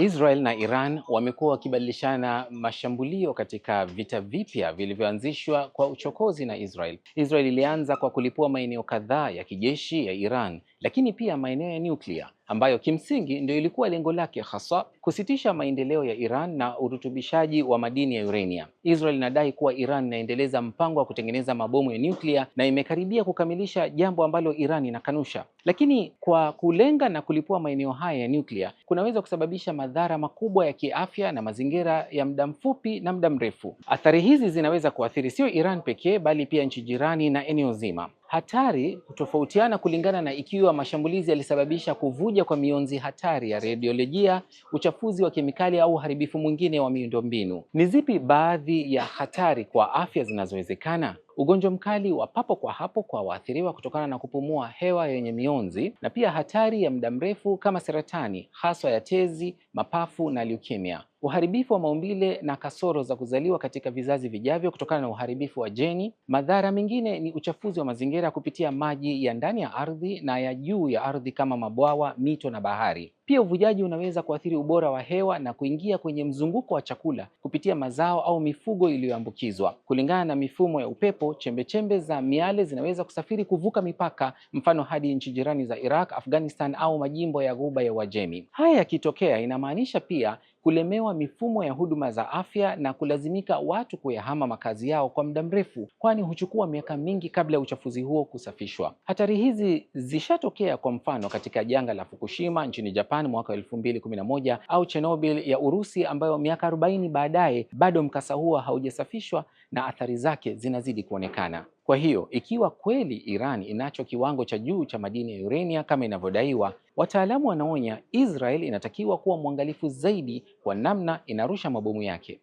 Israel na Iran wamekuwa wakibadilishana mashambulio katika vita vipya vilivyoanzishwa kwa uchokozi na Israel. Israel ilianza kwa kulipua maeneo kadhaa ya kijeshi ya Iran, lakini pia maeneo ya nyuklia ambayo kimsingi ndio ilikuwa lengo lake hasa kusitisha maendeleo ya Iran na urutubishaji wa madini ya uranium. Israel inadai kuwa Iran inaendeleza mpango wa kutengeneza mabomu ya nyuklia na imekaribia kukamilisha jambo ambalo Iran inakanusha. Lakini kwa kulenga na kulipua maeneo haya ya nyuklia kunaweza kusababisha madhara makubwa ya kiafya na mazingira ya muda mfupi na muda mrefu. Athari hizi zinaweza kuathiri sio Iran pekee bali pia nchi jirani na eneo zima. Hatari hutofautiana kulingana na ikiwa mashambulizi yalisababisha kuvuja kwa mionzi hatari ya radiolojia, uchafuzi wa kemikali au uharibifu mwingine wa miundombinu. Ni zipi baadhi ya hatari kwa afya zinazowezekana? ugonjwa mkali wa papo kwa hapo kwa waathiriwa kutokana na kupumua hewa yenye mionzi na pia hatari ya muda mrefu kama saratani haswa ya tezi, mapafu na leukemia. Uharibifu wa maumbile na kasoro za kuzaliwa katika vizazi vijavyo kutokana na uharibifu wa jeni. Madhara mengine ni uchafuzi wa mazingira kupitia maji ya ndani ya ardhi na ya juu ya ardhi kama mabwawa, mito na bahari. Pia uvujaji unaweza kuathiri ubora wa hewa na kuingia kwenye mzunguko wa chakula kupitia mazao au mifugo iliyoambukizwa. Kulingana na mifumo ya upepo, chembechembe za miale zinaweza kusafiri kuvuka mipaka, mfano hadi nchi jirani za Iraq, Afghanistan au majimbo ya Ghuba ya Uajemi. Haya yakitokea, inamaanisha pia kulemewa mifumo ya huduma za afya na kulazimika watu kuyahama makazi yao kwa muda mrefu, kwani huchukua miaka mingi kabla ya uchafuzi huo kusafishwa. Hatari hizi zishatokea kwa mfano katika janga la Fukushima nchini Japan mwaka 2011 au Chernobyl ya Urusi ambayo miaka 40 baadaye bado mkasa huo haujasafishwa na athari zake zinazidi kuonekana. Kwa hiyo ikiwa kweli Iran inacho kiwango cha juu cha madini ya urenia kama inavyodaiwa, wataalamu wanaonya Israel inatakiwa kuwa mwangalifu zaidi kwa namna inarusha mabomu yake.